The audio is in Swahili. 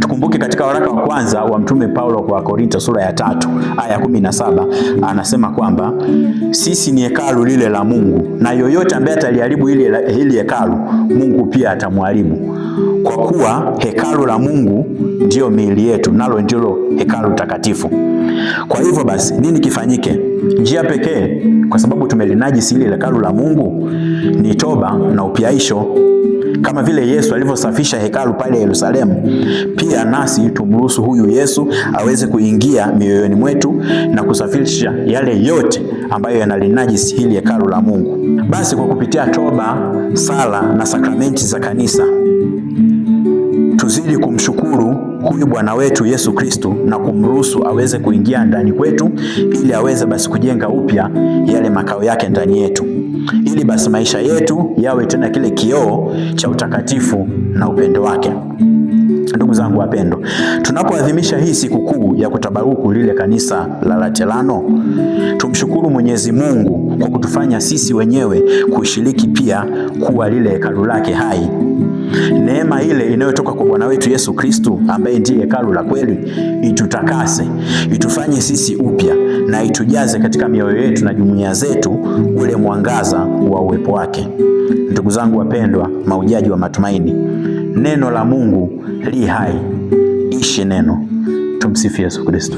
Tukumbuke katika waraka wa kwanza wa Mtume Paulo kwa Korinto sura ya tatu aya kumi na saba anasema kwamba sisi ni hekalu lile la Mungu, na yoyote ambaye ataliharibu hili hekalu, Mungu pia atamharibu, kwa kuwa hekalu la Mungu ndiyo miili yetu, nalo ndilo hekalu takatifu. Kwa hivyo basi, nini kifanyike? Njia pekee, kwa sababu tumelinajisi ile hekalu la Mungu, ni toba na upyaisho. Kama vile Yesu alivyosafisha hekalu pale Yerusalemu, pia nasi tumruhusu huyu Yesu aweze kuingia mioyoni mwetu na kusafisha yale yote ambayo yanalinajisi hili hekalu la Mungu. Basi kwa kupitia toba, sala na sakramenti za kanisa tuzidi kumshukuru huyu Bwana wetu Yesu Kristo na kumruhusu aweze kuingia ndani kwetu, ili aweze basi kujenga upya yale makao yake ndani yetu, ili basi maisha yetu yawe tena kile kioo cha utakatifu na upendo wake. Ndugu zangu wapendo tunapoadhimisha hii sikukuu ya kutabaruku lile kanisa la Laterano, tumshukuru Mwenyezi Mungu kwa kutufanya sisi wenyewe kushiriki pia kuwa lile hekalu lake hai ile inayotoka kwa Bwana wetu Yesu kristo ambaye ndiye hekalu la kweli, itutakase, itufanye sisi upya na itujaze katika mioyo yetu na jumuiya zetu ule mwangaza wa uwepo wake. Ndugu zangu wapendwa, maujaji wa matumaini, neno la Mungu li hai. Ishi neno. Tumsifu Yesu Kristo.